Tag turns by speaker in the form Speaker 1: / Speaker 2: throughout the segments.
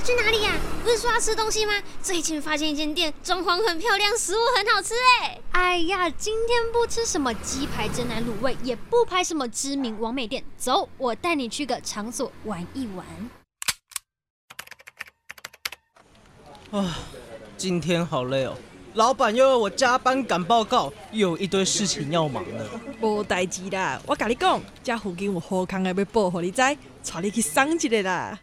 Speaker 1: 去哪裡呀、啊？不是說要吃東西嗎？最近發現一間店，裝潢很漂亮，食物很好吃！哎呀，今天不吃什麼雞排、珍
Speaker 2: 奶、滷味，也不拍什麼知名網美店，走，我帶你去個場所玩一玩。
Speaker 3: 啊，今天好累哦、喔，老闆又要我加班趕報告，又有一堆事情要忙的。
Speaker 2: 無代志啦，我跟你講，家附近有好康的要你，要報福利仔，帶你去賞一個啦。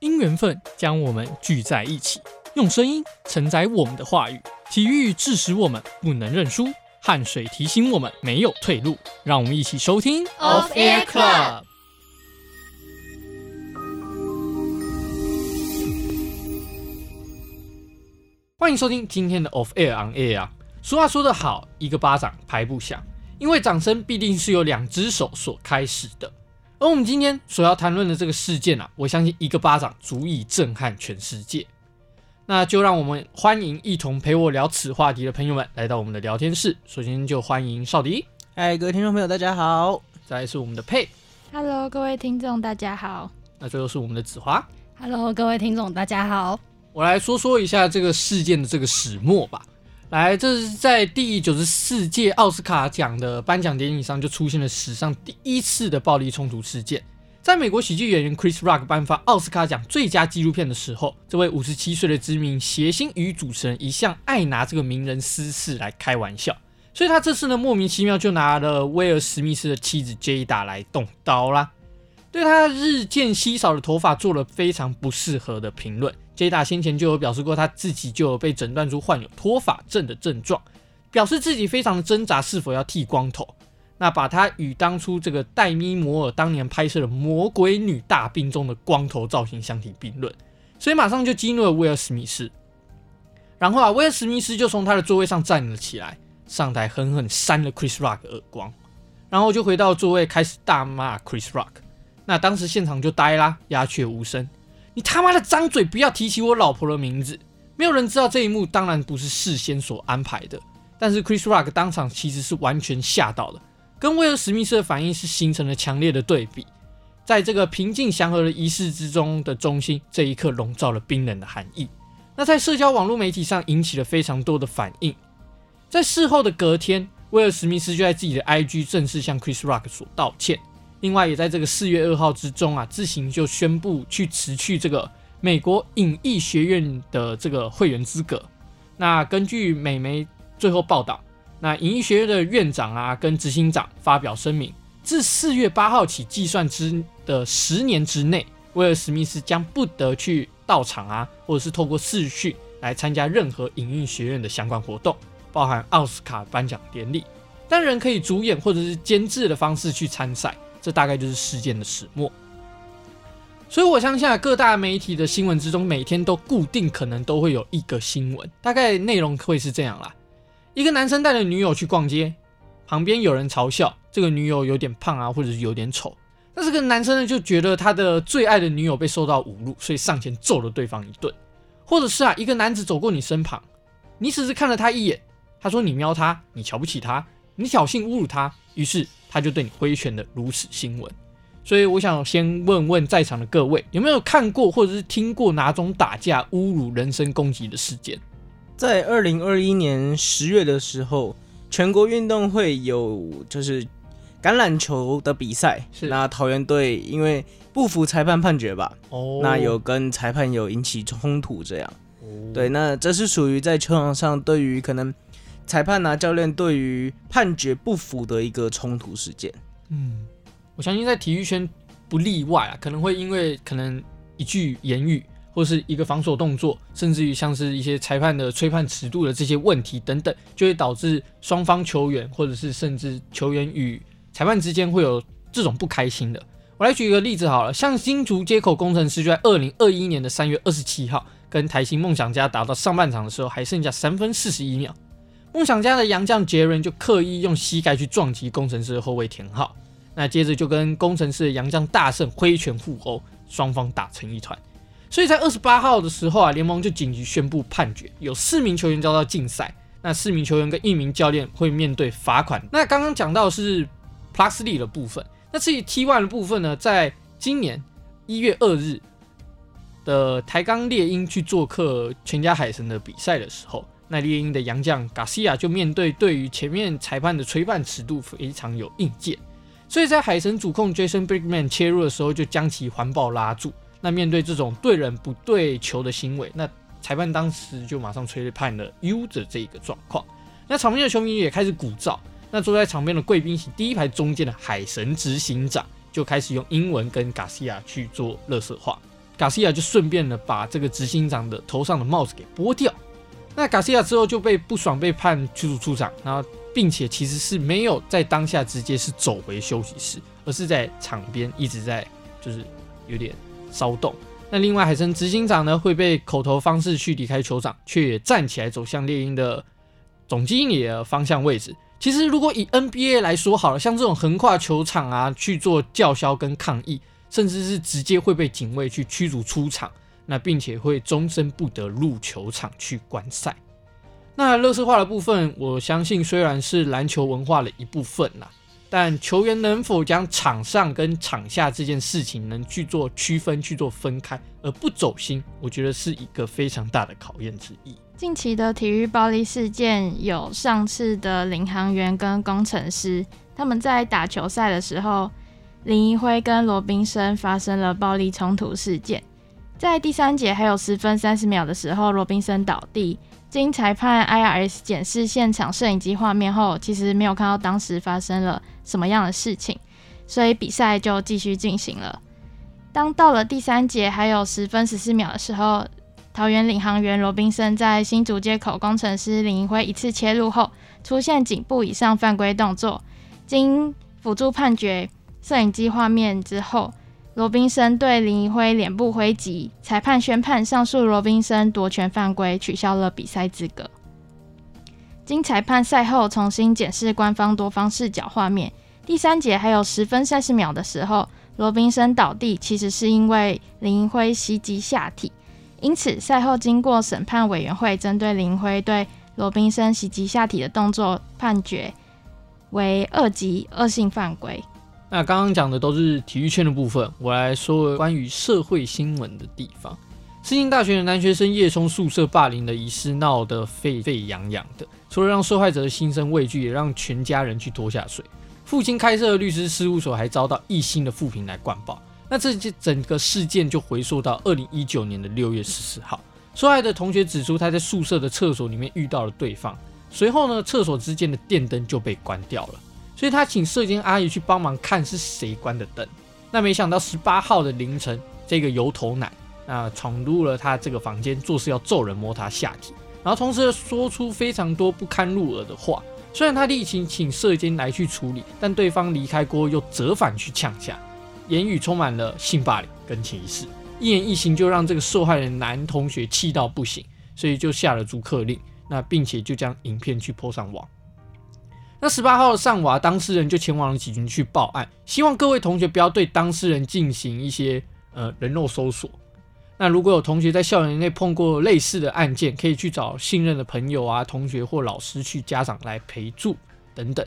Speaker 4: 因緣分將我們聚在一起，用聲音承載我們的話語。體育致使我們不能認輸，汗水提醒我們沒有退路。讓我們一起收聽 Off Air Club。歡迎收聽今天的 Off Air On Air。啊，俗話說得好，一個巴掌拍不響。因為掌聲必定是由兩隻手所開始的，而我們今天所要談論的這個事件啊，我相信一個巴掌足以震撼全世界。那就讓我們歡迎一同陪我聊此話題的朋友們來到我們的聊天室。首先就歡迎少迪，哎，各位聽眾朋友大家好。再來是我們的佩
Speaker 1: ，Hello，各位聽眾大家好。
Speaker 4: 那最後是我們的子華
Speaker 1: ，Hello，各位聽眾大家好。
Speaker 4: 我來說說一下這個事件的這個始末吧。來，這是在第九十四屆奧斯卡獎的頒獎典禮上就出現了史上第一次的暴力衝突事件。在美國喜劇演員 Chris Rock 頒發奧斯卡獎最佳紀錄片的時候，這位五十七歲的知名諧星與主持人一向愛拿這個名人私事來開玩笑，所以他這次呢莫名其妙就拿了威爾史密斯的妻子 Jada 來動刀啦，對他日漸稀少的頭髮做了非常不適合的評論。傑達先前就有表示過，他自己就有被診斷出患有脫髮症的症狀，表示自己非常的掙扎，是否要剃光頭。那把他與當初這個黛咪摩爾當年拍攝的《魔鬼女大兵》中的光頭造型相提並論，所以馬上就激怒了威爾史密斯。然後啊，威爾史密斯就從他的座位上站了起來，上台狠狠扇了 Chris Rock 的耳光，然後就回到座位開始大罵 Chris Rock。那當時現場就呆啦，鴉雀無聲。你他媽的張嘴，不要提起我老婆的名字！沒有人知道這一幕，當然不是事先所安排的。但是 Chris Rock 當場其實是完全嚇到了，跟威爾史密斯的反應是形成了強烈的對比。在這個平靜祥和的儀式之中的中心，這一刻籠罩了冰冷的寒意。那在社交網絡媒體上引起了非常多的反應。在事後的隔天，威爾史密斯就在自己的 IG 正式向 Chris Rock 所道歉。另外，也在這個四月二號之中啊，自行就宣布去辭去這個美國影藝學院的這個會員資格。那根據美媒最後報道，那影藝學院的院長啊跟執行長發表聲明，自四月八號起計算之的十年之內，威爾史密斯將不得去到場啊，或者是透過視訊來參加任何影藝學院的相關活動，包含奧斯卡頒獎典禮。當然可以主演或者是監製的方式去參賽。這大概就是事件的始末，所以我相信啊，各大媒體的新聞之中，每天都固定可能都會有一個新聞，大概內容會是這樣啦：一個男生帶着女友去逛街，旁邊有人嘲笑這個女友有點胖啊，或者是有點醜，但這個男生呢就覺得他的最愛的女友被受到侮辱，所以上前揍了對方一頓，或者是啊，一個男子走過你身旁，你只是看了他一眼，他說你瞄他，你瞧不起他，你挑釁侮辱他，於是。他就對你揮拳的如此新聞，所以我想先問問在場的各位，有沒有看過或者是聽過哪種打架、侮辱人身攻擊的事件？
Speaker 3: 在二零二一年十月的時候，全國運動會有就是橄欖球的比賽，是那桃園隊因為不服裁判判決吧，oh. 那有跟裁判有引起衝突這樣。Oh. 對，那這是屬於在球場上對於可能。裁判啊，教練對於判決不服的一個衝突事件。
Speaker 4: 嗯，我相信在體育圈不例外啊，可能會因為可能一句言語，或是一個防守動作，甚至於像是一些裁判的吹判尺度的這些問題等等，就會導致雙方球員，或者是甚至球員與裁判之間會有這種不開心的。我來舉一個例子好了，像新竹街口攻城獅就在二零二一年的三月二十七號，跟台新夢想家打到上半場的時候，還剩下三分四十一秒。夢想家的洋將傑倫就刻意用膝蓋去撞擊工程師的後衛田浩，那接着就跟工程師洋將大聖揮拳互毆，雙方打成一團。所以在二十八號的時候啊，聯盟就緊急宣布判決，有四名球員遭到禁賽，那四名球員跟一名教練會面對罰款。那剛剛講到是 P. League+ 的部分，那至於 T1 的部分呢，在今年一月二日的台鋼獵鷹去做客全家海神的比賽的時候。那獵鷹的洋將 Garcia 就面對對於前面裁判的吹判尺度非常有意見，所以在海神主控 Jason Brickman 切入的時候，就將其環抱拉住。那面對這種對人不對球的行為，那裁判當時就馬上吹判了 U 的這個狀況。那場邊的球迷也開始鼓噪。那坐在場邊的貴賓席第一排中間的海神執行長就開始用英文跟 Garcia 去做垃圾話，Garcia 就順便的把這個執行長的頭上的帽子給剝掉。那卡西亞之後就被不爽，被判驅逐出場，然後並且其實是沒有在當下直接是走回休息室，而是在場邊一直在就是有點騷動。那另外海神執行長呢會被口頭方式去離開球場，卻也站起來走向獵鷹的總經理的方向位置。其實如果以 NBA 來說好了，像這種橫跨球場啊去做叫囂跟抗議，甚至是直接會被警衛去驅逐出場。那並且會終身不得入球場去觀賽。那垃圾話的部分，我相信雖然是籃球文化的一部分啦、啊，但球員能否將場上跟場下這件事情能去做區分、去做分開而不走心，我覺得是一個非常大的考驗之一。
Speaker 1: 近期的體育暴力事件有上次的領航員跟工程師他們在打球賽的時候，林一輝跟羅賓生發生了暴力衝突事件。在第三節還有十分三十秒的時候，羅賓森倒地。經裁判 IRS 檢視現場攝影機畫面後，其實沒有看到當時發生了什麼樣的事情，所以比賽就繼續進行了。當到了第三節還有十分十四秒的時候，桃園領航員羅賓森在新竹街口工程師林銀輝一次切入後，出現頸部以上犯規動作。經輔助判決攝影機畫面之後。羅賓森對林怡輝臉部揮擊，裁判宣判上述羅賓森奪權犯規，取消了比賽資格。經裁判賽後重新檢視官方多方視角畫面，第三節還有十分三十秒的時候，羅賓森倒地，其實是因為林怡輝襲擊下體，因此賽後經過審判委員會針對林怡輝對羅賓森襲擊下體的動作，判決為二級惡性犯規。
Speaker 4: 那剛剛講的都是體育圈的部分，我來說關於社會新聞的地方。
Speaker 1: 世新大學的男學生夜衝
Speaker 4: 宿舍霸凌的一事鬧得沸沸揚揚的，除了讓受害者的心生畏懼，也讓全家人去拖下水。父親開設的律師事務所還遭到一星的負評來灌爆。那這些整個事件就回溯到二零一九年的六月十四號，受害的同學指出他在宿舍的廁所裡面遇到了對方，隨後呢，廁所之間的電燈就被關掉了。所以他請舍監阿姨去幫忙看是誰關的燈。那沒想到十八號的凌晨，這個油頭男啊闖入了他這個房間，作勢要揍人，摸他下體，然後同時說出非常多不堪入耳的話。雖然他立即請舍監來去處理，但對方離開過後又折返去嗆下，言語充滿了性霸凌跟歧視，一言一行就讓這個受害的男同學氣到不行，所以就下了逐客令。那並且就將影片去 po 上網。那十八號的上午啊，當事人就前往了警局去報案，希望各位同學不要對當事人進行一些呃人肉搜索。那如果有同學在校園內碰過類似的案件，可以去找信任的朋友啊、同學或老師去家長來陪住等等。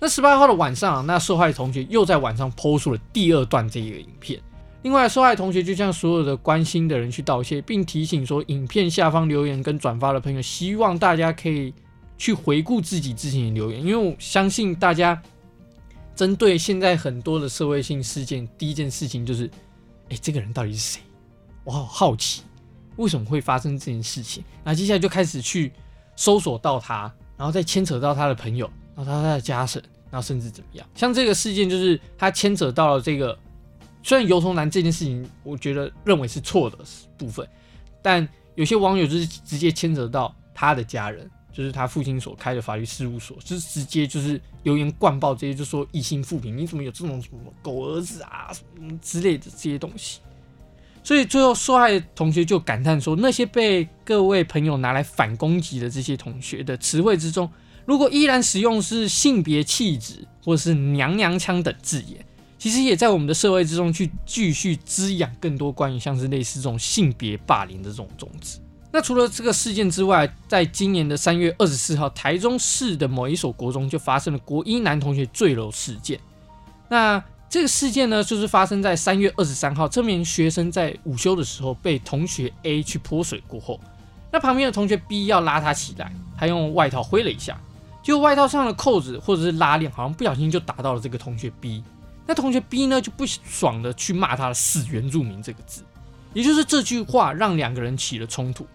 Speaker 4: 那十八號的晚上啊，那受害同學又在晚上拋出了第二段這一個影片。另外，受害同學就向所有的關心的人去道謝，並提醒說，影片下方留言跟轉發的朋友，希望大家可以。去回顧自己之前的留言，因為我相信大家針對現在很多的社會性事件，第一件事情就是，哎，這個人到底是誰？我好好奇，為什麼會發生這件事情？那接下來就開始去搜索到他，然後再牽扯到他的朋友，然後他的家人，然後甚至怎麼樣？像這個事件就是他牽扯到了這個，雖然尤筒男這件事情，我覺得認為是錯的部分，但有些網友就是直接牽扯到他的家人。就是他父親所開的法律事務所，就直接就是留言灌爆這些，就說異性復平，你怎麼有這種什麼狗兒子啊什麼之類的這些東西？所以最後受害的同學就感嘆說，那些被各位朋友拿來反攻擊的這些同學的詞彙之中，如果依然使用是性別氣質或者是娘娘腔等字眼，其實也在我們的社會之中去繼續滋養更多關於像是類似這種性別霸凌的這種種子。那除了這個事件之外，在今年的三月二十四號，台中市的某一所國中就發生了國一男同學墜樓事件。那這個事件呢，就是發生在三月二十三號，這名學生在午休的時候被同學 A 去潑水過後，那旁邊的同學 B 要拉他起來，他用外套揮了一下，結果外套上的扣子或者是拉鏈，好像不小心就打到了這個同學 B。那同學 B 呢，就不爽的去罵他的“死原住民”這個字，也就是這句話讓兩個人起了衝突。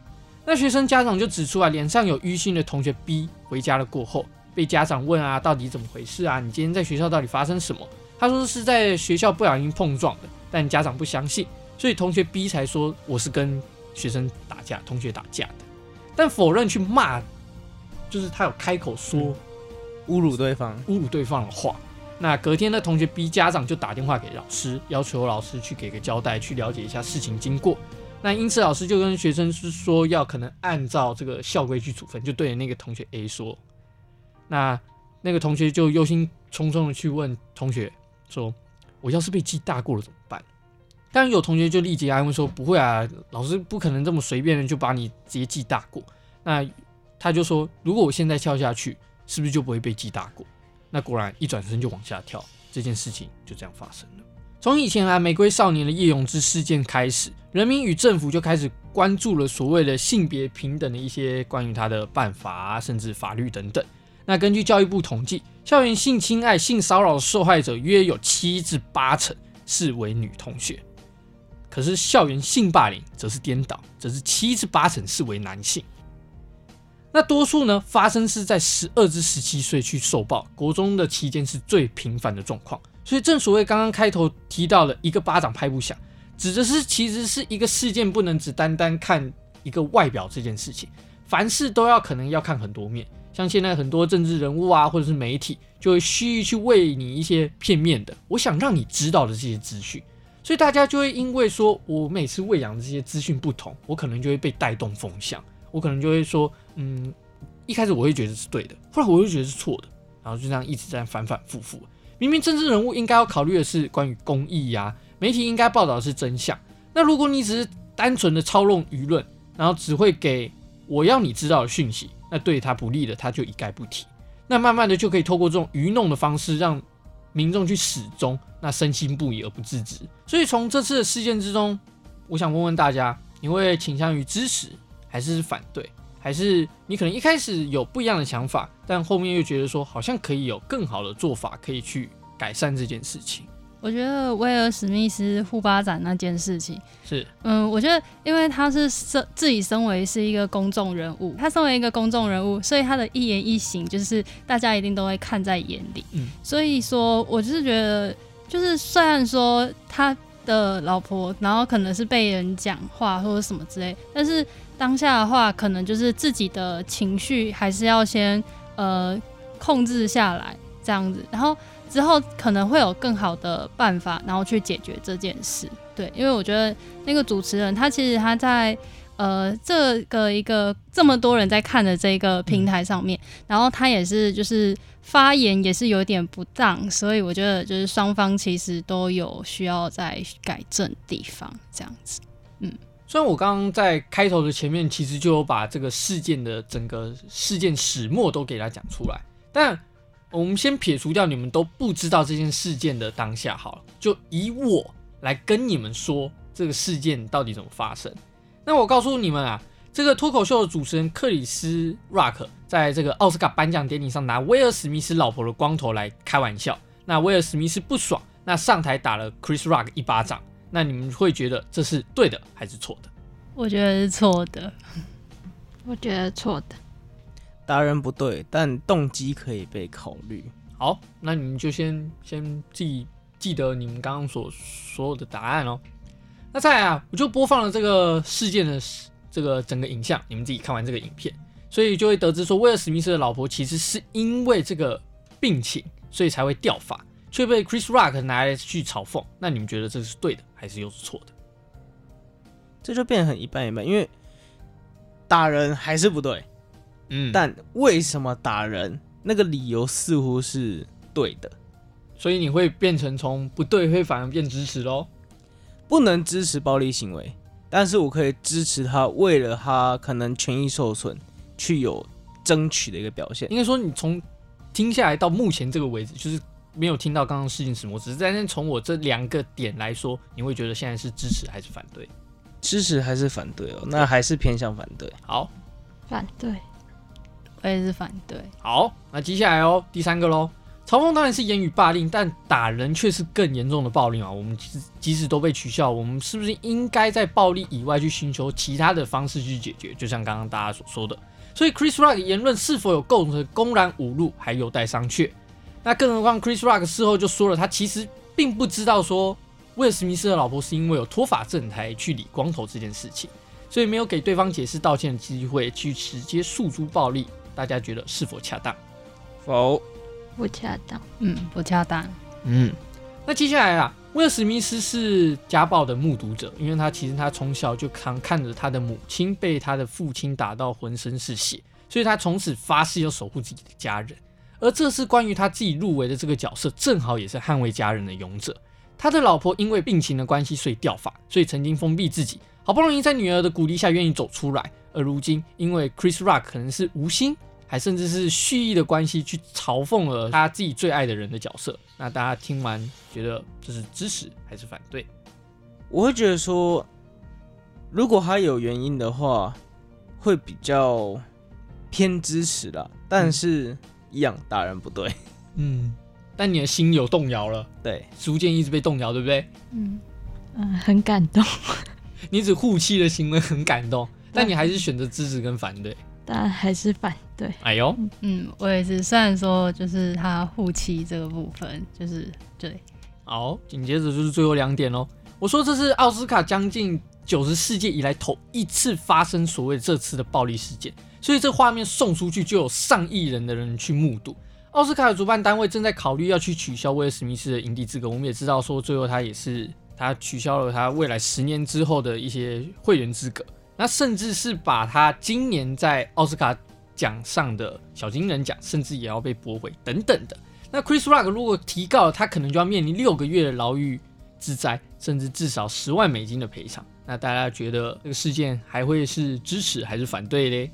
Speaker 4: 那學生家長就指出啊，臉上有淤青的同學 B 回家了過後，被家長問啊，到底怎麼回事啊？你今天在學校到底發生什麼？他說是在學校不小心碰撞的，但家長不相信，所以同學 B 才說我是跟學生打架，同學打架的，但否認去罵，就是他有開口說、嗯、侮辱對方、侮辱對方的話。那隔天的同學 B 家長就打電話給老師，要求老師去給個交代，去了解一下事情經過。那因此，老師就跟學生是說，要可能按照這個校規去處分，就對那個同學 A 說。那那個同學就憂心忡忡的去問同學說：“我要是被記大過了怎麼辦？”當然有同學就立即安慰說：“不會啊，老師不可能這麼隨便的就把你直接記大過。”那他就說：“如果我現在跳下去，是不是就不會被記大過？”那果然一轉身就往下跳，這件事情就這樣發生了。從以前來，玫瑰少年的葉永鋕事件開始，人民與政府就開始關注了所謂的性別平等的一些關於他的辦法啊，甚至法律等等。那根據教育部統計，校園性侵害、性騷擾的受害者約有七至八成是為女同學，可是校園性霸凌則是顛倒，則是七至八成是為男性。那多數呢，發生是在十二至十七歲去受暴，國中的期間是最頻繁的狀況。所以，正所謂剛剛開頭提到了一個巴掌拍不響，指的是其實是一個事件不能只單單看一個外表這件事情，凡事都要可能要看很多面。像現在很多政治人物啊，或者是媒體，就會蓄意去餵你一些片面的、我想讓你知道的這些資訊。所以大家就會因為說我每次餵養的這些資訊不同，我可能就會被帶動風向，我可能就會說，嗯，一開始我會覺得是對的，後來我會覺得是錯的，然後就這樣一直在反反復復。明明政治人物應該要考慮的是關於公益呀、啊，媒體應該報道的是真相。那如果你只是單純的操弄輿論，然後只會給我要你知道的訊息，那對他不利的他就一概不提。那慢慢的就可以透過這種愚弄的方式，讓民眾去始終那深信不疑而不自知。所以從這次的事件之中，我想問問大家，你會傾向於支持還是反對？還是你可能一開始有不一樣的想法，但後面又覺得說好像可以有更好的做法，可以去改善這件事情。
Speaker 2: 我覺得威爾史密斯呼巴掌那件事情是，嗯，我覺得因為他是身自己身為是一個公眾人物，他身為一個公眾人物，所以他的一言一行就是大家一定都會看在眼裡。嗯，所以說，我就是覺得，就是雖然說他的老婆，然後可能是被人講話或者什麼之類，但是。當下的話，可能就是自己的情緒還是要先呃控制下來，這樣子。然後之後可能會有更好的辦法，然後去解決這件事。對，因為我覺得那個主持人他其實他在呃這個一個這麼多人在看的這個平台上面，嗯、然後他也是就是發言也是有點不當，所以我覺得就是雙方其實都有需要再改正地方這樣子。
Speaker 4: 雖然我剛剛在開頭的前面，其實就有把這個事件的整個事件始末都給他講出來，但我們先撇除掉你們都不知道這件事件的當下，好了，就以我來跟你們說這個事件到底怎麼發生。那我告訴你們啊，這個脫口秀的主持人克里斯 ·Rock 在這個奧斯卡頒獎典禮上拿威爾·史密斯老婆的光頭來開玩笑，那威爾·史密斯不爽，那上台打了 Chris Rock 一巴掌。那你們會覺得這是對的還是錯的？
Speaker 2: 我覺得是錯的，
Speaker 1: 我覺得錯的。
Speaker 3: 當然不對，但動機可以被考
Speaker 4: 慮。好，那你們就先先自己記得你們剛剛所所有的答案哦。那再來啊，我就播放了這個事件的這個整個影像，你們自己看完這個影片，所以就會得知說，威爾史密斯的老婆其實是因為這個病情，所以才會掉髮。卻被 Chris Rock 拿來去嘲諷，那你們覺得這是對的還是又是錯的？這就變得很一般一般，因
Speaker 3: 為打人還是不對，嗯，但為什麼打人那個理由似乎是對的？所以你會變成從不對，會反而變支持咯。不能支持暴力行為，但是我可以支持他為了他可
Speaker 4: 能權益受損去有爭取的一個表現。應該說，你從聽下來到目前這個為止，就是。沒有聽到剛剛事情什麼，只是在那從我這兩個點來說，你會覺得現在是支持還是反對？
Speaker 3: 支持還是反對哦？那還是偏向反對。對
Speaker 4: 好，
Speaker 2: 反對，我也是反對。
Speaker 4: 好，那接下來哦，第三個嘍。嘲諷當然是言語霸凌，但打人卻是更嚴重的暴力啊，我們即使即使都被取笑，我們是不是應該在暴力以外去尋求其他的方式去解決？就像剛剛大家所說的，所以 Chris Rock 言論是否有構成的公然侮辱，還有待商榷。那更何況，Chris Rock 事後就說了，他其實並不知道說威爾史密斯的老婆是因為有脫髮症才去理光頭這件事情，所以沒有給對方解釋道歉的機會，去直接訴諸暴力。大家覺得是否恰當？否，
Speaker 2: 不恰當。嗯，不恰當。嗯，那接下來啦，威爾史密斯是
Speaker 4: 家暴的目睹者，因為他其實他從小就常看着他的母親被他的父親打到渾身是血，所以他從此發誓要守護自己的家人。而這次關於他自己入圍的這個角色，正好也是捍衛家人的勇者。他的老婆因為病情的關係，所以掉髮，所以曾經封閉自己，好不容易在女兒的鼓勵下願意走出來。而如今，因為 Chris Rock 可能是無心，還甚至是蓄意的關係去嘲諷了他自己最愛的人的角色。那大家聽完覺得這是支持還是反對？我會覺得說，如果他有原因的話，
Speaker 3: 會比較偏支持啦，但是。嗯一樣，打人不對。
Speaker 4: 嗯，但你的心有動搖了，對，逐漸一直被動搖，對不對？嗯
Speaker 1: 嗯、呃，很感動。
Speaker 4: 你只護妻的行為很感動，但，但你還是選擇支持跟反對。
Speaker 2: 但還是反對。哎呦，嗯，我也是。雖然說就是他護妻這個部分，就是對。
Speaker 4: 好，緊接着就是最後兩點嘍、哦。我說這是奧斯卡將近九十世紀以來頭一次發生所謂這次的暴力事件。所以這畫面送出去，就有上億人的人去目睹。奧斯卡的主辦單位正在考慮要去取消威爾史密斯的影帝資格。我們也知道，說最後他也是他取消了他未來十年之後的一些會員資格，那甚至是把他今年在奧斯卡獎上的小金人獎，甚至也要被駁回等等的。那 Chris Rock 如果提告，他可能就要面臨六個月的牢獄之災，甚至至少十萬美金的賠償。那大家覺得這個事件還會是支持還是反對嘞？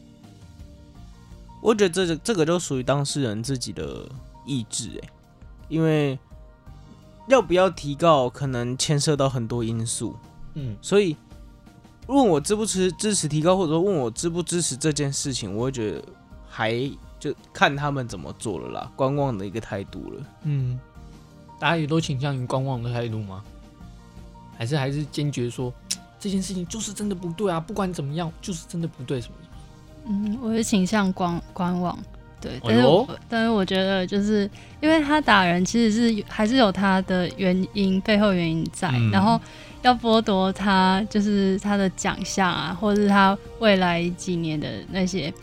Speaker 4: 我覺得這這個就屬於當事人自己的
Speaker 3: 意志哎，因為要不要提告，可能牽涉到很多因素。嗯，所以問我支不支支持提告，或者說問我支不支持這件事情，我會覺得還就看他們怎麼做了啦，觀望的一
Speaker 4: 個態度了。嗯，大家也都傾向於觀望的態度嗎？還是還是堅決說這件事情就是真的不對啊？不管怎麼樣，就是真的不對什麼的。
Speaker 2: 嗯，我的傾向觀觀望，對，但是我、哦、呦但是我覺得就是因為他打人，其實是還是有他的原因，背後原因在，嗯、然後要剝奪他就是他的獎項啊，或者他未來幾年的那些，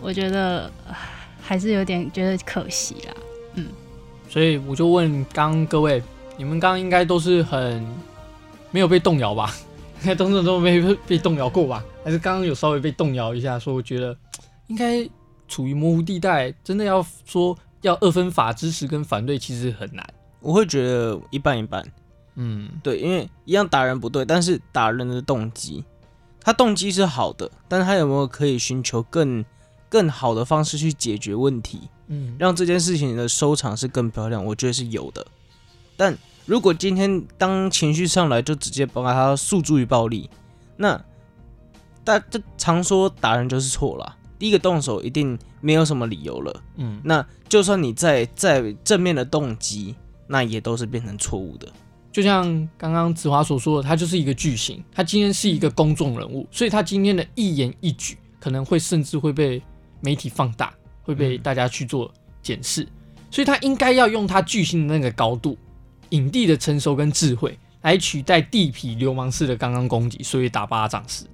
Speaker 2: 我覺得還是有點覺得可惜啦，嗯，
Speaker 4: 所以我就問剛各位，你們剛剛應該都是很沒有被動搖吧？應該都是都沒被動搖過吧？還是剛剛有稍微被動搖一下，說我覺得應該處於模糊地帶，真的要說要二分法支持跟反對其實很難。我會覺得一半一半，嗯，對，因
Speaker 3: 為一樣打人不對，但是打人的動機，他動機是好的，但他有沒有可以尋求更更好的方式去解決問題？嗯，讓這件事情的收場是更漂亮，我覺得是有的。但如果今天當情緒上來就直接把他訴諸於暴力，那。那這常說打人就是錯了，第一個動手一定沒有什麼理由了。嗯，那就算你在在正面的動機，那也都是變成錯誤的。
Speaker 4: 就像剛剛子華所說的，他就是一個巨星，他今天是一個公眾人物，嗯、所以他今天的一言一舉，可能會甚至會被媒體放大，會被大家去做檢視。嗯、所以他應該要用他巨星的那個高度，影帝的成熟跟智慧，來取代地痞流氓式的剛剛攻擊，所以打巴掌似的，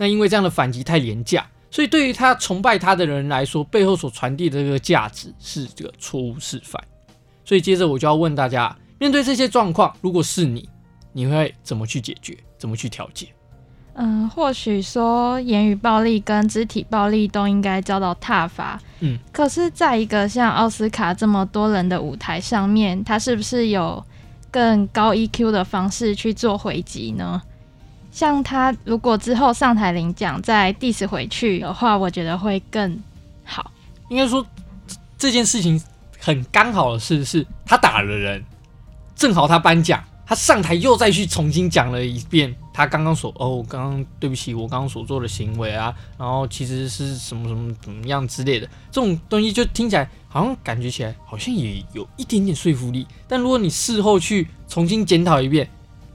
Speaker 4: 那因為這樣的反擊太廉價，所以對於他崇拜他的人來說，背後所傳遞的這個價值是這個錯誤示範。所以接着我就要問大家：面對這些狀況，如果是你，你會怎麼去解決？怎麼去調解？嗯，
Speaker 1: 或許說言語暴力跟肢體暴力都應該遭到撻伐。嗯，可是在一個像奧斯卡這麼多人的舞台上面，他是不是有更高 EQ 的方式去做回擊呢？像他如果之後上台領獎再 diss 回去的話，我覺得會更好。應該說
Speaker 4: 這件事情很剛好的事是，是他打了人，正好他頒獎，他上台又再去重新講了一遍他剛剛說哦，剛剛對不起我剛剛所做的行為啊，然後其實是什麼什麼怎麼樣之類的這種東西，就聽起來好像感覺起來好像也有一點點說服力。但如果你事後去重新檢討一遍。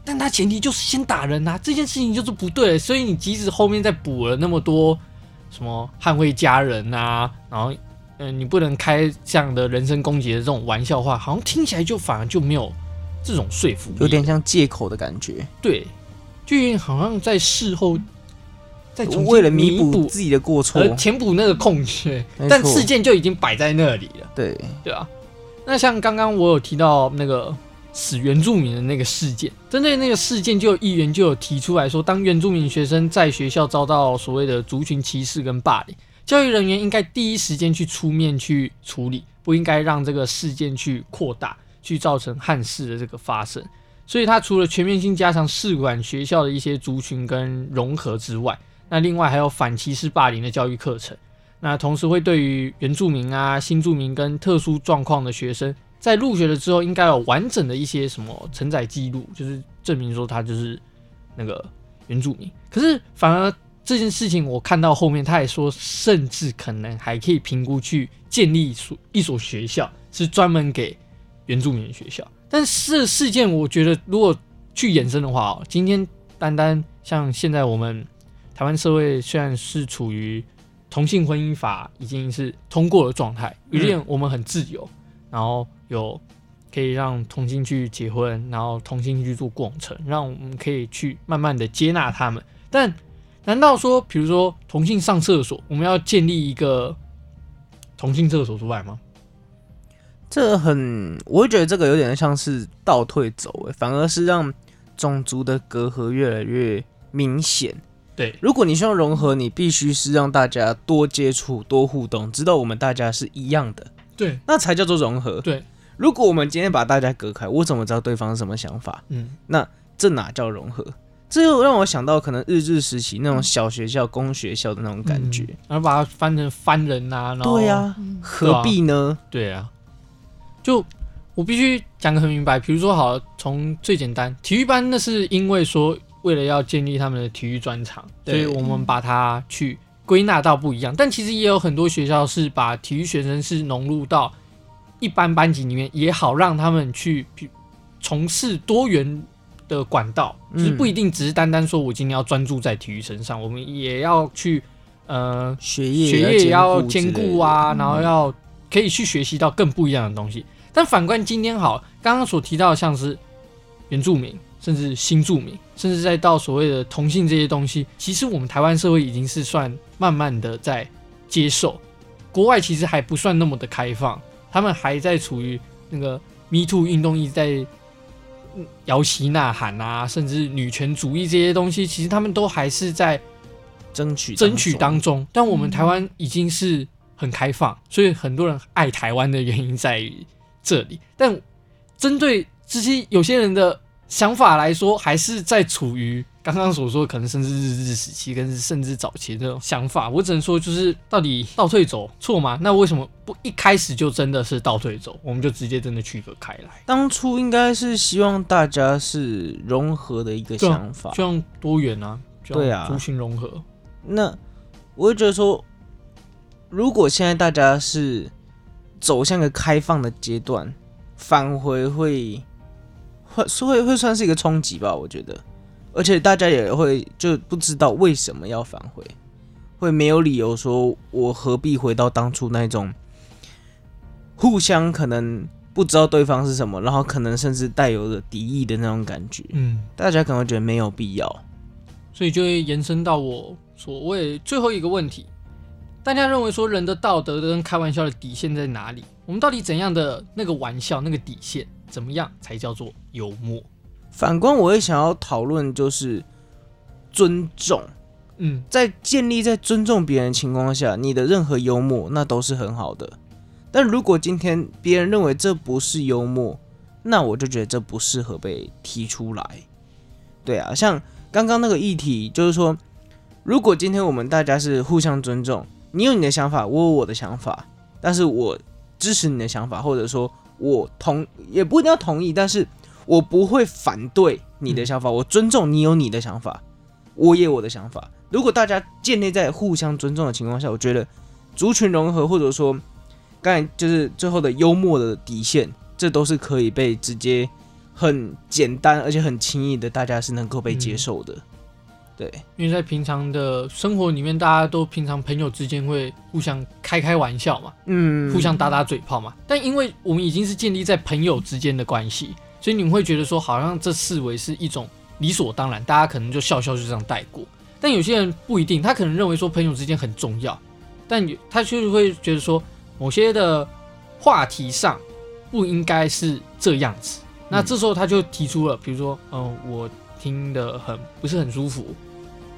Speaker 4: 但他前提就是先打人吶、啊，這件事情就是不對，所以你即使後面再補了那麼多什麼捍衛家人吶、啊，然後，嗯、呃，你不能開這樣的人身攻擊的這種玩笑話，好像聽起來就反而就沒有這種說服力，有點
Speaker 3: 像借口的感覺。
Speaker 4: 對，就好像在事後在我為了彌補自己的過錯填、呃、補那個空缺，沒錯。但事件就已經擺在那裡了。對，對啊。那像剛剛我有提到那個。死原住民的那個事件，針對那個事件，就有議員就有提出來說，當原住民學生在學校遭到所謂的族群歧視跟霸凌，教育人員應該第一時間去出面去處理，不應該讓這個事件去擴大，去造成憾事的這個發生。所以，他除了全面性加強試管學校的一些族群跟融合之外，那另外還有反歧視霸凌的教育課程，那同時會對於原住民啊、新住民跟特殊狀況的學生。在入學了之後，應該有完整的一些什麼承載記錄，就是證明說他就是那個原住民。可是反而這件事情，我看到後面，他也說，甚至可能還可以評估去建立所一所學校，是專門給原住民的學校。但是事件，我覺得如果去衍生的話，哦，今天單單像現在我們台灣社會雖然是處於同性婚姻法已經是通過的狀態，有點我們很自由，然後。有可以讓同性去結婚，然後同性去做共存，讓我們可以去慢慢的接納他們。但難道說，比如說同性上廁所，我們要建立一個同性廁所出來嗎？這
Speaker 3: 很，我會覺得這個有點像是倒退走位、欸，反而是讓種族的隔閡越來越明顯。對，如果你希望融合，你必須是讓大家多接觸、多互動，直到我們大家是一樣的。對，那才叫做融合。對。如果我們今天把大家隔開，我怎麼知道對方是什麼想法？嗯，那這哪叫融合？這又讓我想到可能日治時期那種小學校、公、嗯、學校的那種感
Speaker 4: 覺，嗯、然後把它翻成翻人啊，然後對呀、啊，嗯、何必呢對、啊？對啊，就我必須講得很明白。比如說，好，從最簡單，體育班那是因為說為了要建立他們的體育專長，對所以我們把它去歸納到不一樣。嗯、但其實也有很多學校是把體育學生是融入到。一般班級裡面也好，讓他們去從事多元的管道，就是不一定只是單單說我今天要專注在體育身上，我們也要去呃學業學業也要兼顧啊，然後要可以去學習到更不一樣的東西。嗯，但反觀今天好，剛剛所提到的像是原住民，甚至新住民，甚至再到所謂的同性這些東西，其實我們台灣社會已經是算慢慢的在接受，國外其實還不算那麼的開放。他們還在處於那個 Me Too 運動一直在搖旗吶喊啊，甚至女權主義這些東西，其實他們都還是在爭取爭取當中。但我們台灣已經是很開放，嗯、所以很多人愛台灣的原因在於這裡。但針對這些有些人的想法來說，還是在處於。剛剛所說，可能甚至日日時期，跟甚至早期這種想法，我只能說，就是到底倒退走，錯嗎？那為什麼不一開始就真的是倒退走？我們就直接真的區隔開來。
Speaker 3: 當初應該是希望大家是融合的一個想法，希望、
Speaker 4: 啊、多元啊，就對啊，族群融合。
Speaker 3: 那我也覺得說，如果現在大家是走向一個開放的階段，返回會會會所以會算是一個衝擊吧？我覺得。而且大家也會就不知道為什麼要返回，會沒有理由說，我何必回到當初那種互相可能不知道對方是什麼，然後可能甚至帶有着敵意的那種感覺。嗯，大家可能會覺得沒有必要，
Speaker 4: 所以就會延伸到我所謂最後一個問題：大家認為說人的道德跟開玩笑的底線在哪裡？我們到底怎樣的那個玩笑那個底線，怎麼樣才叫做幽默？
Speaker 3: 反觀，我也想要討論，就是尊重，嗯，在建立在尊重別人的情況下，你的任何幽默那都是很好的。但如果今天別人認為這不是幽默，那我就覺得這不適合被提出來。對啊，像剛剛那個議題，就是說，如果今天我們大家是互相尊重，你有你的想法，我有我的想法，但是我支持你的想法，或者說我同也不一定要同意，但是。我不會反對你的想法，嗯、我尊重你有你的想法，我也有我的想法。如果大家建立在互相尊重的情況下，我覺得族群融合或者說剛才就是最後的幽默的底線，這都是可以被直接很簡單而且很輕易的，大家是能夠被接受的。嗯、對，
Speaker 4: 因為在平常的生活裡面，大家都平常朋友之間會互相開開玩笑嘛，嗯，互相打打嘴炮嘛。但因為我們已經是建立在朋友之間的關係。嗯所以你們會覺得說，好像這視為是一種理所當然，大家可能就笑笑就這樣帶過。但有些人不一定，他可能認為說朋友之間很重要，但他就是會覺得說，某些的話題上不應該是這樣子。那這時候他就提出了，比如說，嗯、呃，我聽得很不是很舒服。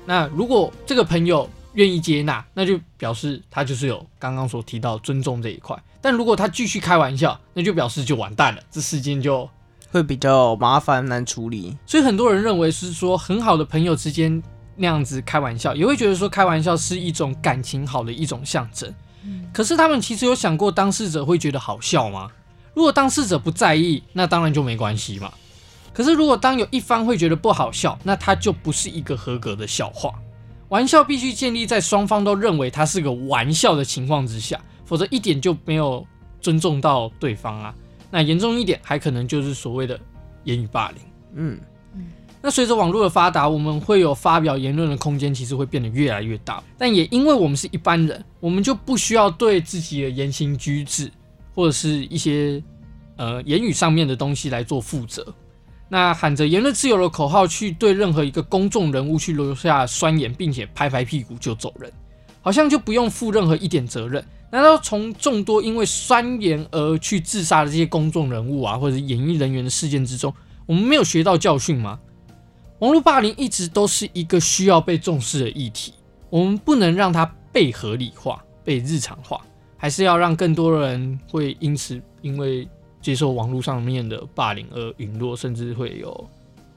Speaker 4: 那如果這個朋友願意接納，那就表示他就是有剛剛所提到尊重這一塊。但如果他繼續開玩笑，那就表示就完蛋了，這世間就。會比較麻煩難處理，所以很多人認為是說很好的朋友之間那樣子開玩笑，也會覺得說開玩笑是一種感情好的一種象徵。嗯、可是他們其實有想過當事者會覺得好笑嗎？如果當事者不在意，那當然就沒關係嘛。可是如果當有一方會覺得不好笑，那他就不是一個合格的笑話。玩笑必須建立在雙方都認為他是個玩笑的情況之下，否則一點就沒有尊重到對方啊。那嚴重一點，還可能就是所謂的言語霸凌。嗯，嗯。那隨着網絡的發達，我們會有發表言論的空間，其實會變得越來越大。但也因為我們是一般人，我們就不需要對自己的言行舉止，或者是一些呃言語上面的東西來做負責。那喊着言論自由的口號，去對任何一個公眾人物去留下酸言，並且拍拍屁股就走人，好像就不用負任何一點責任。難道從眾多因為酸言而去自殺的這些公眾人物啊，或者演藝人員的事件之中，我們沒有學到教訓嗎？網絡霸凌一直都是一個需要被重視的議題，我們不能讓它被合理化、被日常化，還是要讓更多人會因此因為接受網絡上面的霸凌而隕落，甚至會有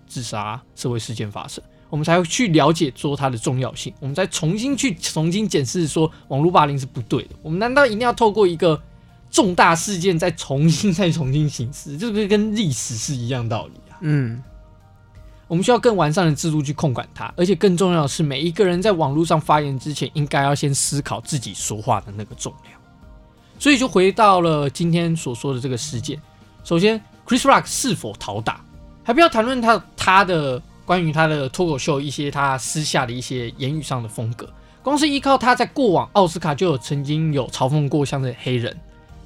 Speaker 4: 自殺社會事件發生。我們才會去了解說它的重要性，我們再重新去重新檢視說網絡霸凌是不對的。我們難道一定要透過一個重大事件再重新再重新行事？這不是跟歷史是一樣道理啊。嗯，我們需要更完善的制度去控管它，而且更重要的是，每一個人在網絡上發言之前，應該要先思考自己說話的那個重量。所以就回到了今天所說的這個事件。首先，Chris Rock 是否討打？還不要談論他他的。關於他的脫口秀，一些他私下的一些言語上的風格，光是依靠他在過往奧斯卡就有曾經有嘲諷過像是黑人、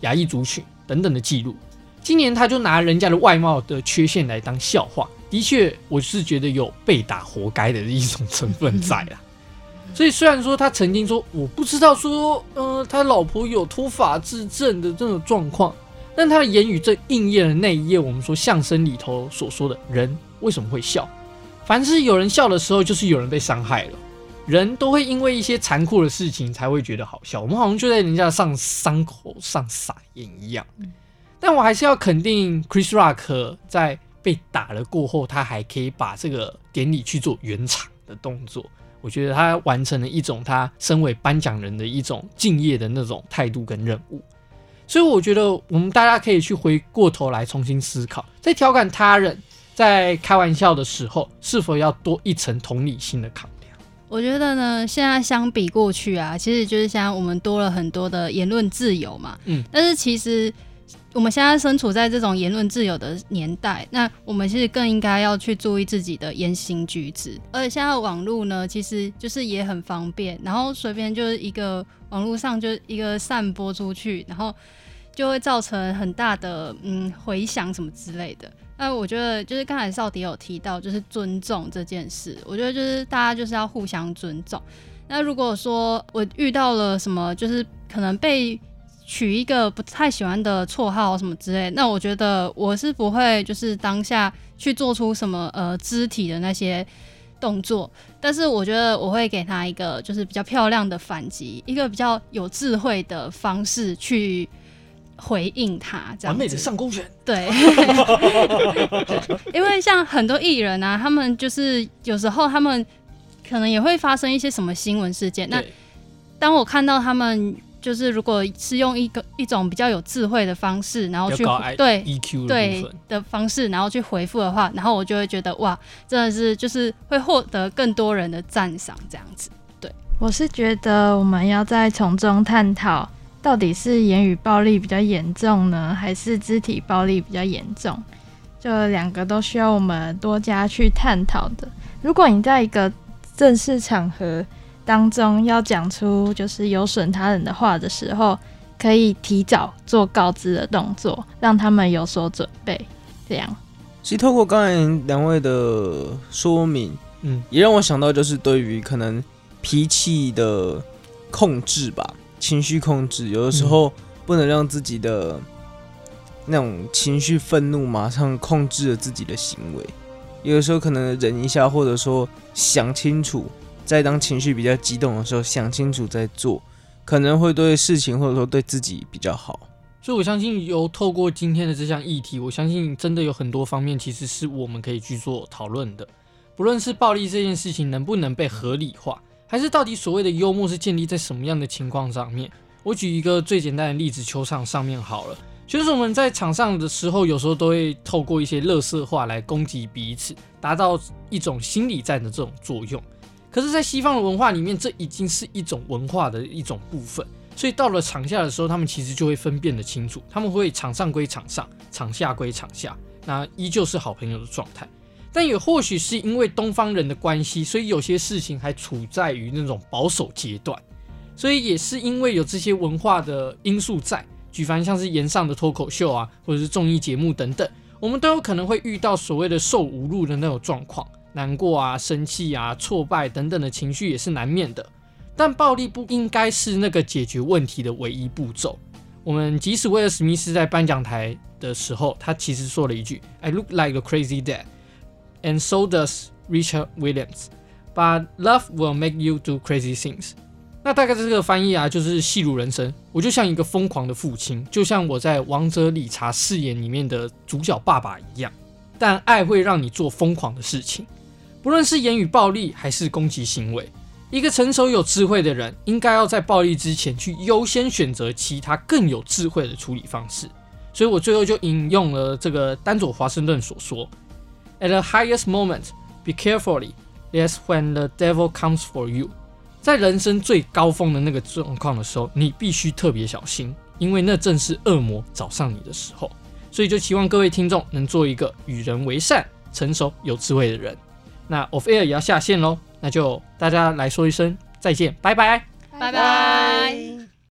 Speaker 4: 亞裔族群等等的記錄。今年他就拿人家的外貌的缺陷來當笑話，的確我是覺得有被打活該的一種成分在啦、啊。所以雖然說他曾經說我不知道說，嗯，他老婆有脫髮之症的這種狀況，但他的言語正應驗了那一頁我們說相聲裡頭所說的“人為什麼會笑”。凡是有人笑的時候，就是有人被傷害了。人都會因為一些殘酷的事情才會覺得好笑。我們好像就在人家的上傷口上撒鹽一樣。但我還是要肯定，Chris Rock 在被打了過後，他還可以把這個典禮去做圓場的動作。我覺得他完成了一種他身為頒獎人的一種敬業的那種態度跟任務。所以我覺得我們大家可以去回過頭來重新思考，在調侃他人。在開玩笑的時候，是否要多一層同理心的考量？
Speaker 2: 我覺得呢，現在相比過去啊，其實就是現在我們多了很多的言論自由嘛。嗯，但是其實我們現在身處在這種言論自由的年代，那我們其實更應該要去注意自己的言行舉止。而且現在的網絡呢，其實就是也很方便，然後隨便就是一個網絡上就一個散播出去，然後就會造成很大的嗯回響什麼之類的。那我覺得就是剛才少迪有提到，就是尊重這件事。我覺得就是大家就是要互相尊重。那如果說我遇到了什麼，就是可能被取一個不太喜歡的綽號什麼之類，那我覺得我是不會就是當下去做出什麼呃肢體的那些動作。但是我覺得我會給他一個就是比較漂亮的反擊，一個比較有智慧的方式去。回應他這樣，啊、妹子上對， 因為像很多藝人啊，他們就是有時候他們可能也會發生一些什麼新聞事件。對那當我看到他們就是如果是用一個一種比較有智慧的方式，然後去對，對 EQ
Speaker 1: 對的，
Speaker 2: 的方式，然後去回復的話，然後我就會覺得哇，真的是就是會獲得更多人的讚賞這樣子。對，
Speaker 1: 我是覺得我們要再從中探討。到底是言語暴力比較嚴重呢，還是肢體暴力比較嚴重？就兩個都需要我們多加去探討的。如果你在一個正式場合當中要講出就是有損他人的話的時候，可以提早做告知的動作，讓他們有所準備。這樣。
Speaker 3: 其實透過剛才兩位的說明，嗯，也讓我想到就是對於可能脾氣的控制吧。情緒控制，有的時候不能讓自己的那種情緒憤怒馬上控制了自己的行為，有的時候可能忍一下，或者說想清楚，在當情緒比較激動的時候想清楚再做，可能會對事情或者說對自己比較好。
Speaker 4: 所以我相信，有透過今天的這項議題，我相信真的有很多方面其實是我們可以去做討論的，不論是暴力這件事情能不能被合理化。還是到底所謂的幽默是建立在什麼樣的情況上面？我舉一個最簡單的例子，球場上面好了，選手們在場上的時候，有時候都會透過一些垃圾話來攻擊彼此，達到一種心理戰的這種作用。可是，在西方的文化裡面，這已經是一種文化的一種部分。所以到了場下的時候，他們其實就會分辨得清楚，他們會場上歸場上，場下歸場下，那依舊是好朋友的狀態。但也或許是因為東方人的關係，所以有些事情還處在於那種保守階段。所以也是因為有這些文化的因素在，舉凡像是岩上的脫口秀啊，或者是綜藝節目等等，我們都有可能會遇到所謂的受侮辱的那種狀況，難過啊、生氣啊、挫敗等等的情緒也是難免的。但暴力不應該是那個解決問題的唯一步驟。我們即使威爾史密斯在頒獎臺的時候，他其實說了一句：“I look like a crazy dad。” And so does Richard Williams, but love will make you do crazy things. 那大概這個翻譯啊，就是戲如人生。我就像一個瘋狂的父親，就像我在《王者理查》飾演裡面的主角爸爸一樣。但愛會讓你做瘋狂的事情，不論是言語暴力還是攻擊行為。一個成熟有智慧的人，應該要在暴力之前去優先選擇其他更有智慧的處理方式。所以我最後就引用了這個丹佐華盛頓所說。At the highest moment, be carefully. That's when the devil comes for you. 在人生最高峰的那個狀況的時候，你必須特別小心，因為那正是惡魔找上你的時候。所以，就希望各位聽眾能做一個與人為善、成熟有智慧的人。那 Off Air 也要下線嘍，那就大家來說一聲再見，拜拜，
Speaker 2: 拜拜。